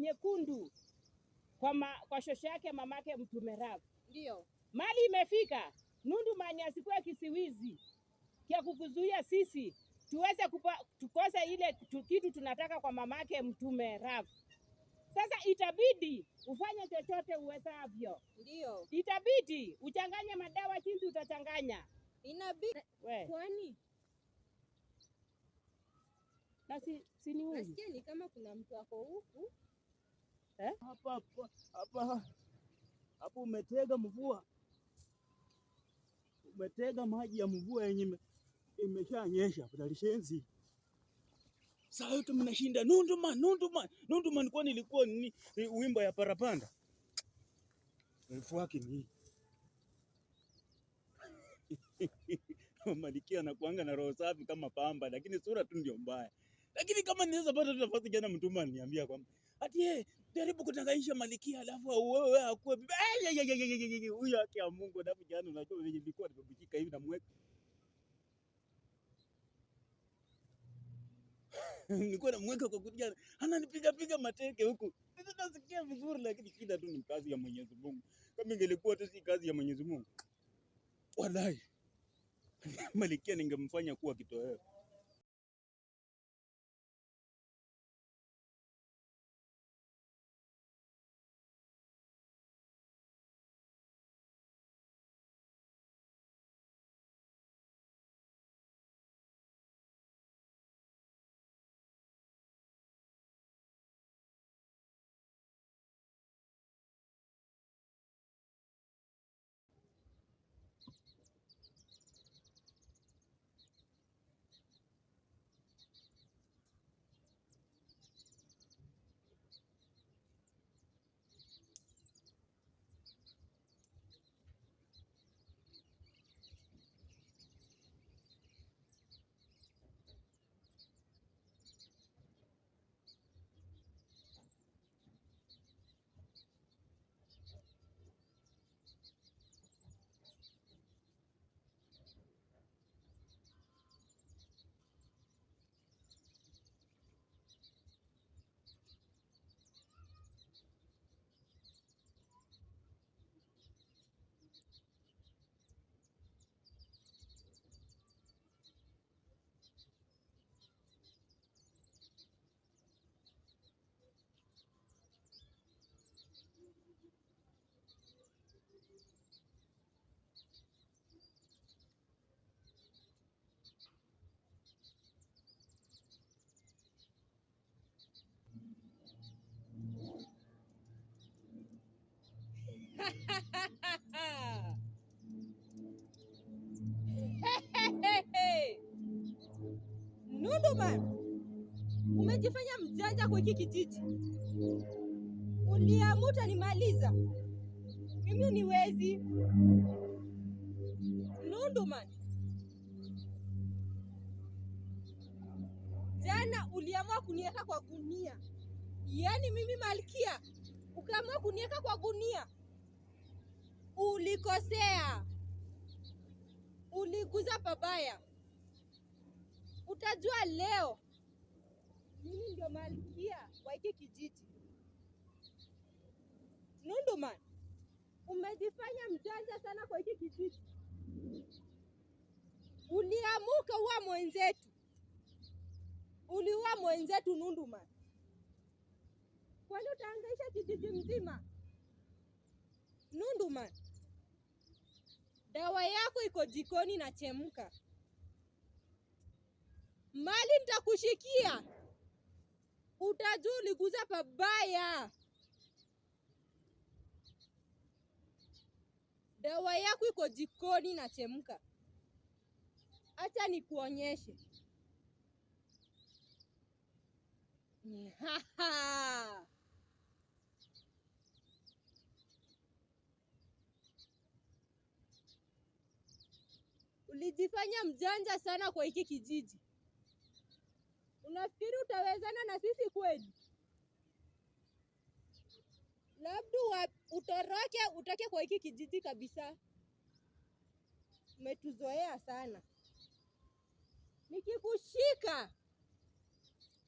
nyekundu kwa, ma, kwa shosho yake mamake Mtume Rav. Ndio mali imefika Nundu mani asikuwe kisiwizi kia kukuzuia sisi tuweze kupa, tukose ile kitu tunataka kwa mamake Mtume Rav. Sasa itabidi ufanye chochote uwezavyo, ndio itabidi uchanganye madawa. chinzi utachanganya inabidi kwani na si, si ni kama kuna mtu ako huku eh? Hapa hapa hapa hapo umetega mvua, umetega maji ya mvua yenye imeshanyesha talishenzi. Saa yote mnashinda Nunduma, Nunduma, Nunduma. Nilikuwa nilikuwa ni wimbo ya parapanda elfu wake ni Malkia anakuanga na roho safi kama pamba, lakini sura tu ndio mbaya. Lakini kama ninaweza pata tu nafasi jana, mtuma niambia kwamba ati yeye eh, jaribu kutanganisha malikia alafu auoe akuwe eh, huyo haki ya Mungu. Alafu jana, unajua venye nilikuwa nimebujika hivi namweka nilikuwa namweka kwa kujana, ananipiga piga mateke huku, nasikia vizuri, lakini shida tu ni kazi ya Mwenyezi Mungu. Kama ingelikuwa tu si kazi ya Mwenyezi Mungu, wallahi malikia ningemfanya kuwa kitoweo. Umejifanya mjanja kwa hiki kijiji, uliamua utanimaliza mimi. niwezi wezi Nunduman. Jana uliamua kuniweka kwa gunia, yaani mimi malkia, ukaamua kuniweka kwa gunia. Ulikosea, uliguza pabaya. Utajua leo mimi ndio malkia wa hiki kijiji. Nunduman, umejifanya mjanja sana kwa hiki kijiji. Uliamuka uwa mwenzetu, uliua mwenzetu Nunduman. Kwani utaangaisha kijiji mzima? Nunduman, dawa yako iko jikoni na chemka. Mali nitakushikia utajua uliguza pabaya. Dawa yako iko jikoni na chemka. Acha nikuonyeshe. Ulijifanya mjanja sana kwa hiki kijiji. Unafikiri utawezana na sisi kweli? Labda utoroke utoke kwa hiki kijiji kabisa. Umetuzoea sana. Nikikushika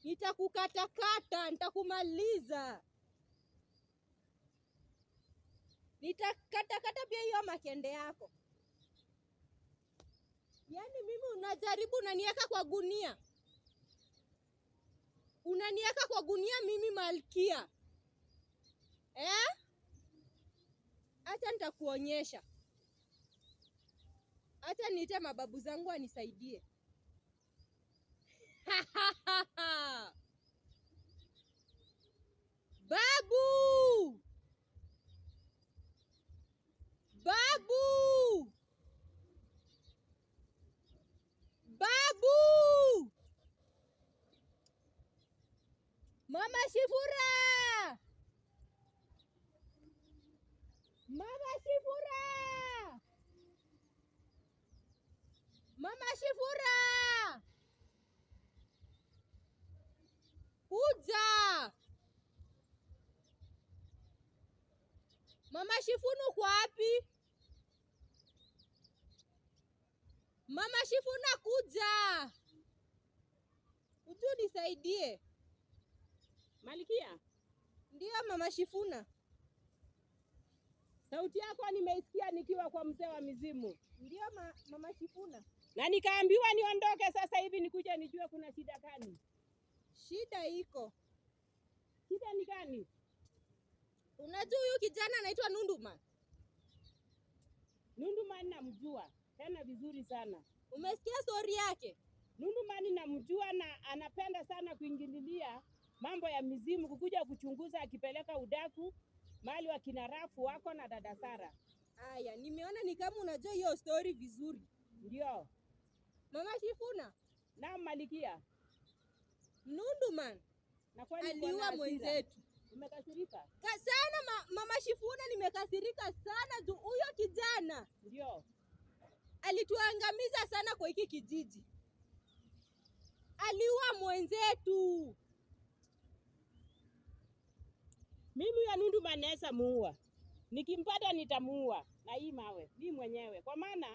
nitakukatakata, nitakumaliza, nitakatakata pia hiyo makende yako. Yaani mimi unajaribu unaniweka kwa gunia unaniweka kwa gunia mimi malkia eh? Hata nitakuonyesha, hata niite mababu zangu anisaidie. Babu, babu Mama Shifura! Mama Shifura! Mama Shifura! Kuja! Mama Shifunu uko wapi? Mama Shifuna kuja! Uju nisaidie. Malikia. Ndiyo mama Shifuna. Sauti yako nimeisikia nikiwa kwa mzee wa mizimu. ndio ma, mama Shifuna. Na nikaambiwa niondoke sasa hivi nikuja nijue kuna shida gani. Shida iko. Shida ni gani? Unajua huyu kijana anaitwa Nunduma? Nunduma namjua tena vizuri sana. Umesikia stori yake? Nunduma namjua na anapenda sana kuingililia mambo ya mizimu kukuja kuchunguza, akipeleka udaku mali wa kinarafu wako na dada Sara. Aya, nimeona ni kama unajua hiyo story vizuri. Ndio mama Shifuna na Malikia kwani aliua mwenzetu Umekasirika sana ma, mama Shifuna, nimekasirika sana juu huyo kijana ndio alituangamiza sana kwa hiki kijiji, aliua mwenzetu. Mimi ya Nundu manesa muua, nikimpata nitamuua na hii mawe mi mwenyewe, kwa maana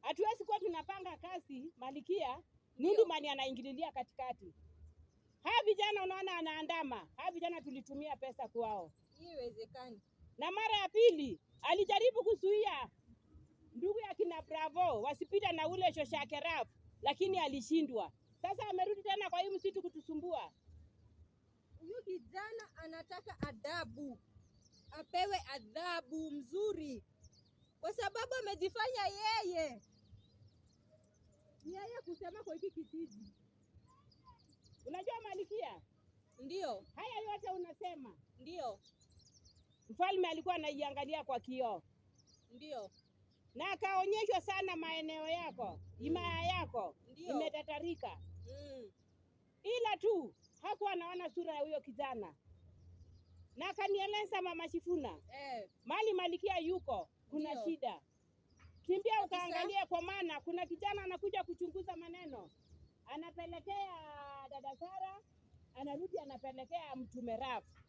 hatuwezi kuwa tunapanga kasi malikia Nundu mani anaingililia katikati. haa vijana unaona, anaandama haa vijana, tulitumia pesa kwao, haiwezekani. Na mara ya pili alijaribu kuzuia ndugu ya kina Bravo wasipita na ule shoshake rafu, lakini alishindwa. Sasa amerudi tena kwa hii anataka adhabu, apewe adhabu mzuri, kwa sababu amejifanya yeye ni yeye kusema kwa hiki kijiji. Unajua Malikia, ndio haya yote unasema, ndio mfalme alikuwa anaiangalia kwa kioo, ndio na akaonyeshwa sana maeneo yako, mm. himaya yako imetatarika mm. ila tu hakuwa anaona sura ya huyo kijana na kanieleza Mama Shifuna eh, mali malikia yuko kuna Ndiyo. shida kimbia ukaangalie, kwa maana kuna kijana anakuja kuchunguza maneno, anapelekea dada Sara, anarudi anapelekea mtume Rafu.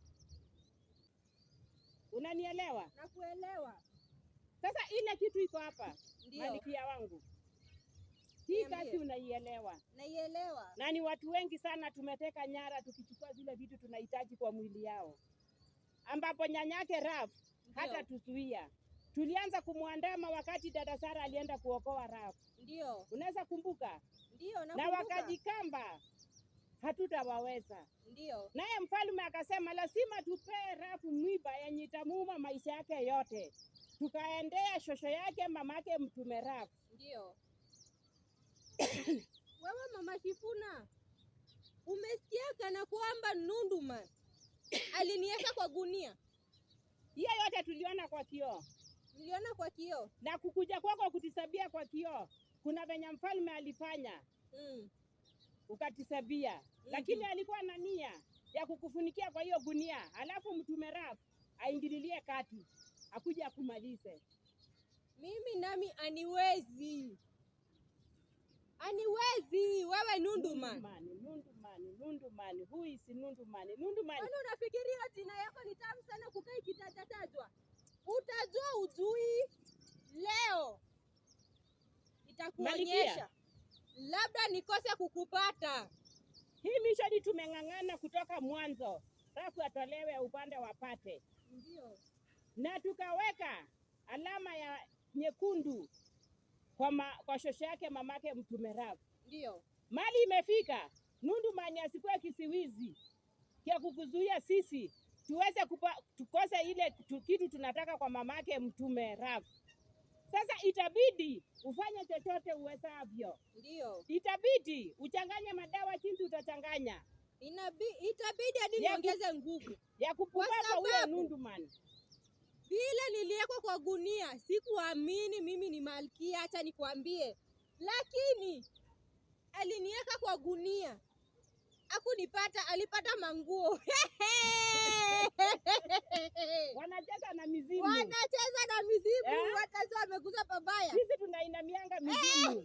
Unanielewa? Nakuelewa. Sasa ile kitu iko hapa, malikia wangu, hii kazi unaielewa? Naielewa. Na ni watu wengi sana tumeteka nyara, tukichukua zile vitu tunahitaji kwa mwili yao ambapo nyanyake Raf hata tuzuia tulianza kumwandama wakati dada Sara alienda kuokoa Raf. Ndio. Unaweza kumbuka? Ndio, na, na wakajikamba hatutawaweza. Ndio. Naye mfalme akasema lazima tupee Rafu mwiba yenye itamuuma maisha yake yote. Tukaendea shosho yake mamake mtume Raf. Ndio. Wewe mama Shifuna, umesikia kana kwamba Nunduma aliniweka kwa gunia. Hiyo yote tuliona kwa kioo, tuliona kwa kioo, na kukuja kwako kutisabia kwa kioo, kuna venye mfalme alifanya mm. ukatisabia mm -hmm. lakini alikuwa na nia ya kukufunikia kwa hiyo gunia, alafu mtume Rafu aingililie kati akuja akumalize. Mimi nami aniwezi, aniwezi wewe Nunduma, Nunduma, Nunduma. Nundumani, Nundumani, hui si Nundumani, Nundumani. Kwani unafikiria jina yako ni tamu sana kukai kitatatajwa? Utajua ujui leo, itakuonyesha labda nikose kukupata. Hii mishoni tumeng'ang'ana kutoka mwanzo, rafu atolewe upande wa Pate, ndio na tukaweka alama ya nyekundu kwa, ma, kwa shosho yake mamake Mtume Rafu, ndio mali imefika. Nundu mani asikuwe kisiwizi kia kukuzuia sisi tuweze kupa, tukose ile kitu tunataka kwa mamake mtume rafu. Sasa itabidi ufanye chochote uwezavyo, ndio itabidi uchanganye madawa chinzi utachanganya Inabi, itabidi hadi niongeze nguvu ya kupumbaza huyo Nunduman. Vile niliwekwa kwa gunia, sikuamini mimi ni malkia, hata nikwambie, lakini aliniweka kwa gunia akunipata, alipata manguo wanacheza na mizimu, wanacheza na mizimu yeah. Watajua wameguza pabaya, sisi tunainamianga mizimu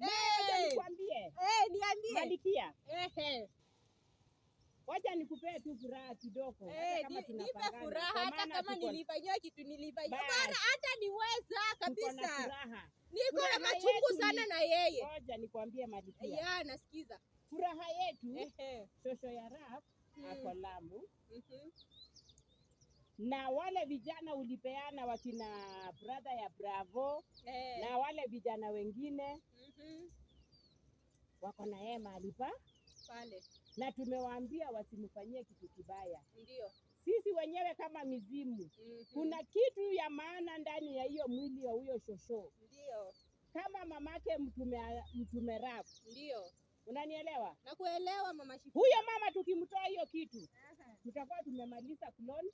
eh. eh. nikwambie, eh, niambie Malikia, wacha nikupee tu furaha kidogo, nipe furaha hata kama nilifanyiwa kitu nilifanyiwa bana, hata niweza kabisa, niko na machungu sana na yeye. Ngoja nikwambie Malikia, ya nasikiza furaha yetu shosho ya rap mm. ako Lamu mm -hmm. na wale vijana ulipeana wakina brother ya Bravo hey. Eh. na wale vijana wengine mm -hmm. wako na yeye mahali pa pale, na tumewaambia wasimfanyie kitu kibaya, ndio sisi wenyewe kama mizimu mm -hmm. kuna kitu ya maana ndani ya hiyo mwili ya huyo shosho, ndio kama mamake mtume mtume rap ndio Unanielewa? Nakuelewa mama Shifu. Huyo mama tukimtoa hiyo kitu tutakuwa tumemaliza klon,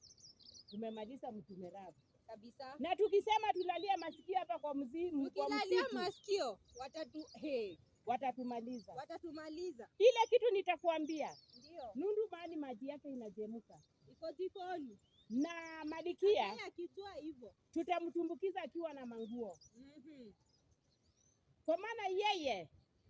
tumemaliza mtumeravu kabisa. Na tukisema tulalia masikio hapa kwa mzimu, tukilalia masikio watatu hey, watatumaliza, watatumaliza. Ile kitu nitakuambia ndio Nundu, mahali maji yake inajemuka iko jikoni na Malikia akitoa hivyo tutamtumbukiza akiwa na manguo mm -hmm. Kwa maana yeye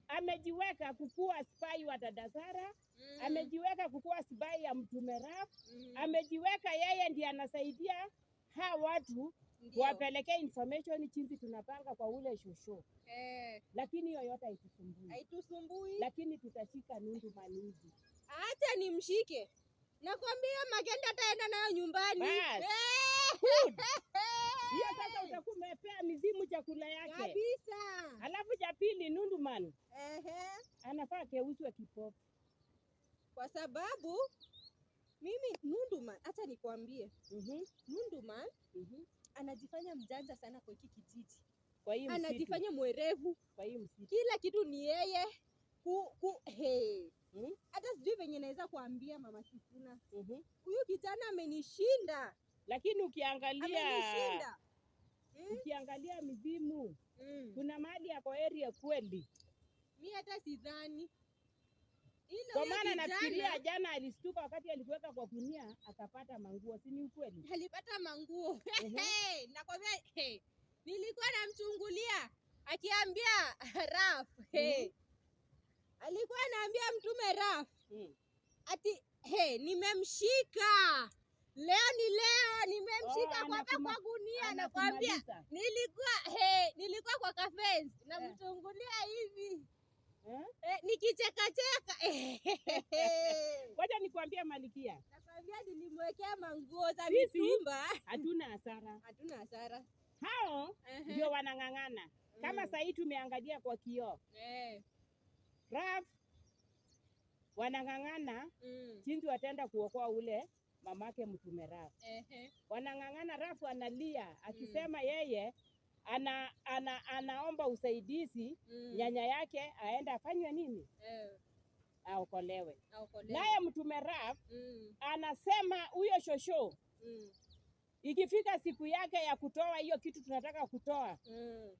amejiweka kukuwa spai wa dadasara mm. Mm-hmm. amejiweka kukuwa spai ya mtume Raf mm. amejiweka yeye ndiye anasaidia ha watu wapelekee information jinsi tunapanga kwa ule shosho eh. Lakini hiyo haitusumbui, haitusumbui, lakini tutashika nundu manundu, acha nimshike, nakwambia Magenda ataenda nayo nyumbani hiyo sasa utakuwa umepea mizimu chakula yake kabisa. Alafu cha pili, Nunduman ehe, anafaa keuzwe kipofu kwa sababu mimi Nunduman, hata nikwambie, mm -hmm. Nunduman mm -hmm. anajifanya mjanja sana kwa hiki kijiji, kwa hiyo anajifanya mwerevu, kwa hiyo kila kitu ni yeye ku, ku, hey. mm -hmm. hata sijui venye naweza kuambia mama Kifuna, mhm. huyu mm -hmm. kijana amenishinda lakini ukiangalia hmm? ukiangalia mizimu hmm. kuna mali yako area kweli, mi hata sidhani kwa maana nafikiria jana alistuka wakati alikuweka kwa kunia akapata manguo, si ni ukweli? Alipata manguo uh -huh. hey, nilikuwa namchungulia akiambia Raf hey. Hmm? Alikuwa anaambia mtume Raf mm ati hey, nimemshika Leo ni leo nimemshika oh, kwa kwa gunia, nakwambia nilikuwa he, nilikuwa kwa kafenzi namchungulia eh. hivi eh? Eh, nikichekacheka wacha nikwambia Malikia, nakwambia nilimwekea manguo za mitumba. Hatuna hasara, hatuna hasara. Hao ndio uh -huh. wanang'ang'ana kama mm. sahii tumeangalia kwa kioo eh. Raf wanang'ang'ana mm. jinsi wataenda kuokoa ule mamake mtume Rafu. Ehe. Wanang'ang'ana, Rafu analia mm. akisema hmm. yeye ana, ana, anaomba usaidizi mm. nyanya yake aende afanywe nini? yeah. Aokolewe. Naye mtume Raf mm. anasema huyo shosho mm. ikifika siku yake ya kutoa hiyo kitu tunataka kutoa mm.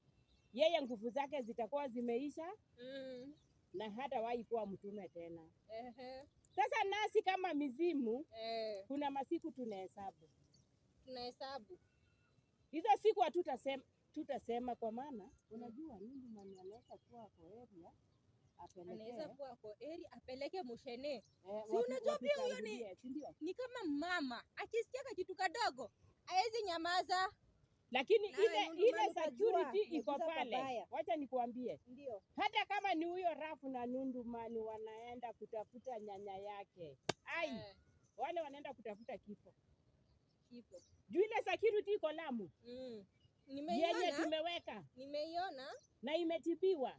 yeye nguvu zake zitakuwa zimeisha mm. na hata wahi kuwa mtume tena. Ehe. Sasa nasi kama mizimu eh, kuna masiku tunahesabu, tunahesabu hizo siku hatutasema, tutasema kwa maana unajua Mungu mwenye anaweza kuwa kwa area anaweza kuwa kwa area apeleke mushene eh, si unajua pia huyo ni, ni kama mama akisikia kitu kadogo hawezi nyamaza lakini ile ile security iko pale. Wacha nikuambie, hata kama ni huyo Rafu na Nundumani wanaenda kutafuta nyanya yake ai, eh. Wale wanaenda kutafuta kifo kifo juu ile security iko Lamu mm. Yenye tumeweka nimeiona na imetibiwa,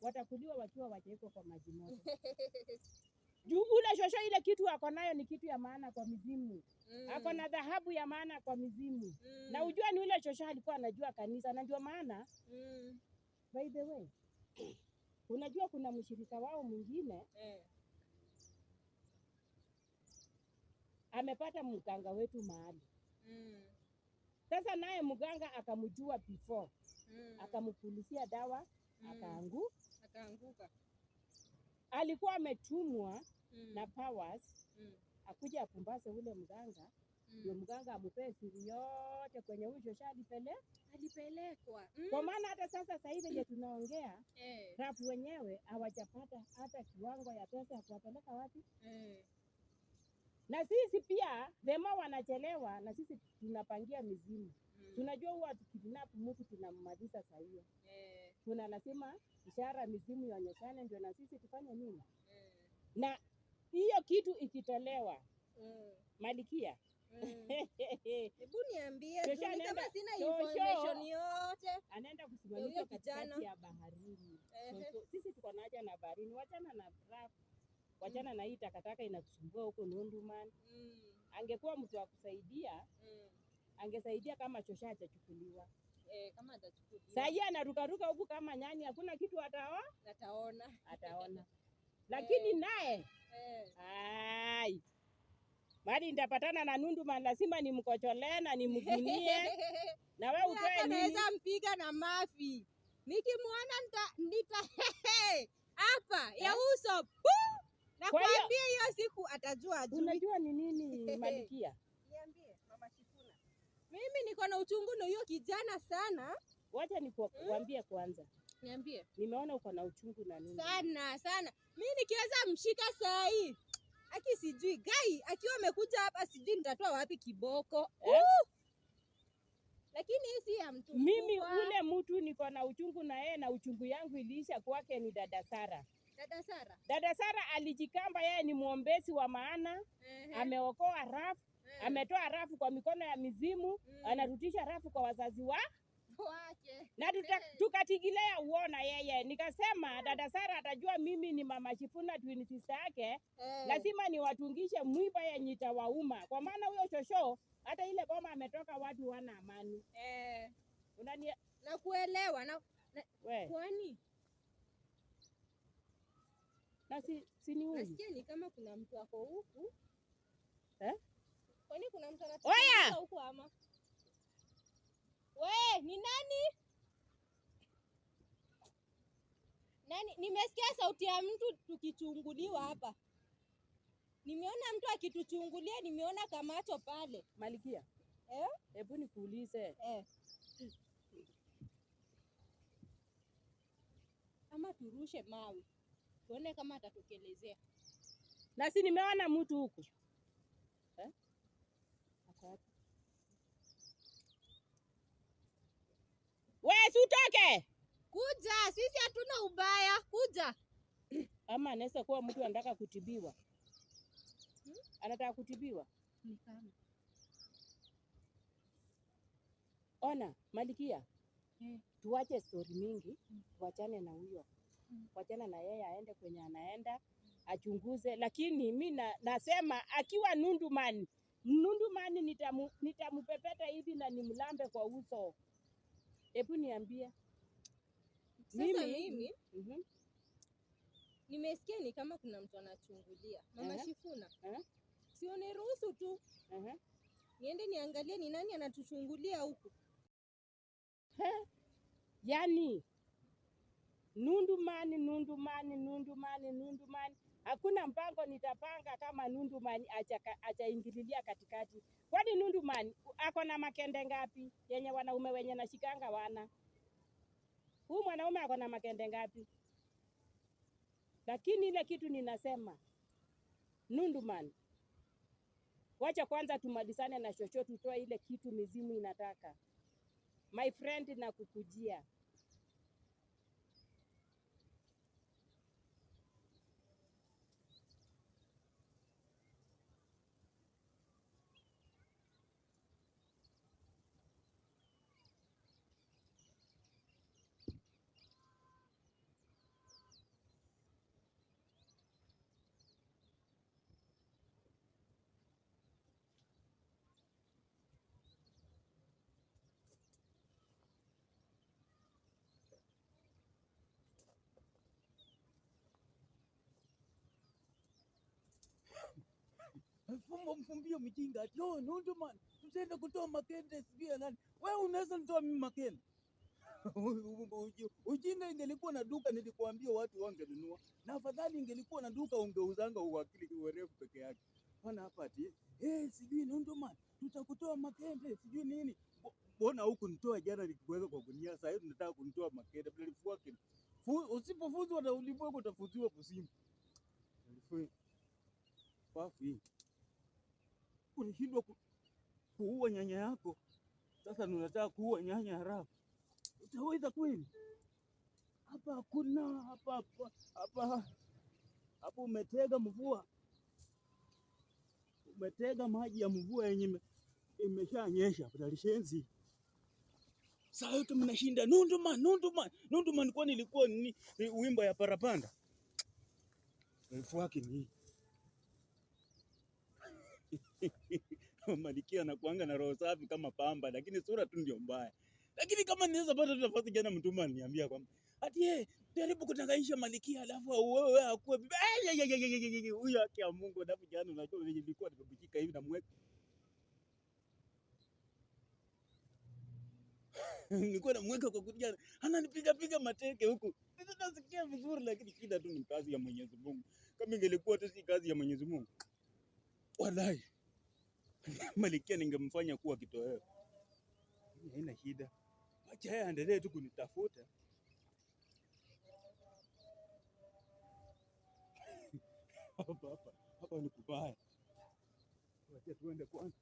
watakuliwa wakiwa wajaiko kwa maji moto juu ule shosho, ile kitu ako nayo ni kitu ya maana kwa mizimu mm. Ako na dhahabu ya maana kwa mizimu mm. Na ujua ni ule shosho alikuwa anajua kanisa na ndio maana mm. By the way unajua kuna mshirika wao mwingine eh. Amepata mganga wetu mahali mm. Sasa naye mganga akamjua before mm. Akampulizia dawa mm. akaangu akaanguka alikuwa ametumwa mm. na Powers mm. akuja apumbaze ule mganga mm. ndio mm. mganga amupee siri yote kwenye huyo shalipele alipelekwa mm. Kwa maana hata sasa sasa hivi je, tunaongea eh. Rafu wenyewe hawajapata hata kiwango ya pesa ya kuwapeleka wapi eh. Na sisi pia hema wanachelewa, na sisi tunapangia mizimu mm. Tunajua huwa tukidinapu mtu tunammaliza saa hiyo eh kuna lazima ishara, mizimu ionyeshane, ndio na sisi tufanye nini mm. na hiyo kitu ikitolewa mm. Malikia mm. hebu niambie tu, kama sina information yote. Anaenda kusimamisha katikati ya baharini. Sisi tuko na haja na baharini, wachana na rafu, wachana na hii takataka inakusumbua huko Nunduman. Mm. Angekuwa mtu wa kusaidia, mm. angesaidia kama chosha hajachukuliwa eh, kama anarukaruka huku kama nyani, hakuna kitu ataona, ataona, ataona lakini eh. naye eh. ai mali nitapatana na Nunduman, lazima nimkocholee na nimgunie na we utoe naweza mpiga na mafi nikimwona nita hapa ya eh? uso nakwambia, hiyo siku atajua. Unajua ni nini malikia? Mimi niko na uchungu na hiyo kijana sana. Wacha nikuambie hmm? Kwanza niambie, nimeona uko na uchungu na nini sana sana. Mimi nikiweza mshika saa hii aki sijui gai akiwa amekuja hapa, sijui nitatoa wapi kiboko eh? Lakini hii si ya mtu. Mimi ule mtu niko na uchungu na yeye, na uchungu yangu iliisha kwake ni dada Sara. Dada Sara, dada Sara alijikamba yeye ni mwombezi wa maana, uh -huh. ameokoa rafu ametoa rafu kwa mikono ya mizimu mm. anarutisha rafu kwa wazazi wa wake na tukatigilea uona yeye. Nikasema mm. dada Sara atajua mimi ni mama Shifuna twin sister yake, lazima niwatungishe mwiba wa umma kwa maana huyo shosho hata ile boma ametoka watu wana amani eh. Unani na kuelewa na, na kwani na si, si ni huyu nasikia ni kama kuna mtu ako huku eh? Kwani kuna mtu anacheza huko ama? We, ni nani? Nani? Nimesikia sauti ya mtu tukichunguliwa hapa. Nimeona mtu akituchungulia, nimeona Kamacho pale. Malikia. Eh? Hebu nikuulize. Eh. Ama turushe mawe. Tuone kama atatokelezea. Na si nimeona mtu huku. Eh? Hapa. We, sutoke. Kuja, sisi hatuna ubaya, kuja. Ama anaweza kuwa mtu anataka kutibiwa hmm? Anataka kutibiwa hmm. Ona Malikia hmm. Eh. Tuwache stori mingi hmm. Tuachane na huyo Wachana mm. na yeye aende kwenye anaenda achunguze, lakini mi nasema akiwa Nunduman Mnundu mani nitamu, nitamupepeta hivi na nimlambe kwa uso. Hebu niambie sasa mimi, mimi mm -hmm. nimesikia ni kama kuna mtu anachungulia mama uh -huh. Shifuna uh -huh. sione ruhusu tu uh -huh. niende niangalie ni nani anatuchungulia huku. yani nundu mani nundu mani nundu mani nundu mani Hakuna mpango nitapanga kama Nundu Man ajaingililia katikati. Kwani Nundu Man ako na makende ngapi yenye wanaume wenye nashikanga wana? Huyu mwanaume ako na makende ngapi? Lakini ile kitu ninasema Nundu Man, wacha kwanza tumalizane na chochote, tutoe ile kitu mizimu inataka. My friend, nakukujia Mfumbo mfumbio mjinga. Oh, no, no ndo man. Tusende kutoa makende sijui nani. Wewe unaweza nitoa mimi makende. Ujinga ingelikuwa na duka nilikwambia watu wangenunua. Na afadhali ingelikuwa na duka ungeuzanga uwakili werevu peke yake. Bwana hapa ati eh, sijui Nundu ndo man. Tutakutoa makende sijui nini. Mbona huku nitoa jana nikuweka kwa gunia, sasa hivi nataka kunitoa makende. Nilifua kile. Usipofuzwa na ulimwengu utafuziwa kuzimu. Nilifua. Wapi? kulishindwa ku, kuua nyanya yako, sasa unataka kuua nyanya haraka, utaweza kweli? Hapa hakuna hapa hapa hapa hapo, umetega mvua, umetega maji ya mvua yenye imeshanyesha patalishenzi saa yote mnashinda Nunduma, Nunduma, Nunduma. Nilikuwa nilikuwa ni wimbo ya parapanda elfu wake ni Malkia anakuanga na roho safi kama pamba, lakini sura tu ndio mbaya. Lakini kama niweza pata tu nafasi, jana mtuma aliniambia kwamba ati yeye eh, jaribu kutanganisha malikia alafu wewe akuwe bibi eh, huyo yake ya Mungu. Alafu jana unajua vile nilikuwa nimebujika hivi na mweka nilikuwa namweka kwa kujana, ananipiga piga mateke huku, nasikia vizuri, lakini shida tu ni kazi ya Mwenyezi Mungu. Kama ingelikuwa tu si kazi ya Mwenyezi Mungu, wallahi malikia ningemfanya kuwa kitoweo. Haina shida, macha yeye aendelee tu kunitafuta. Hapa ni kubaya, acha tuende kwanza.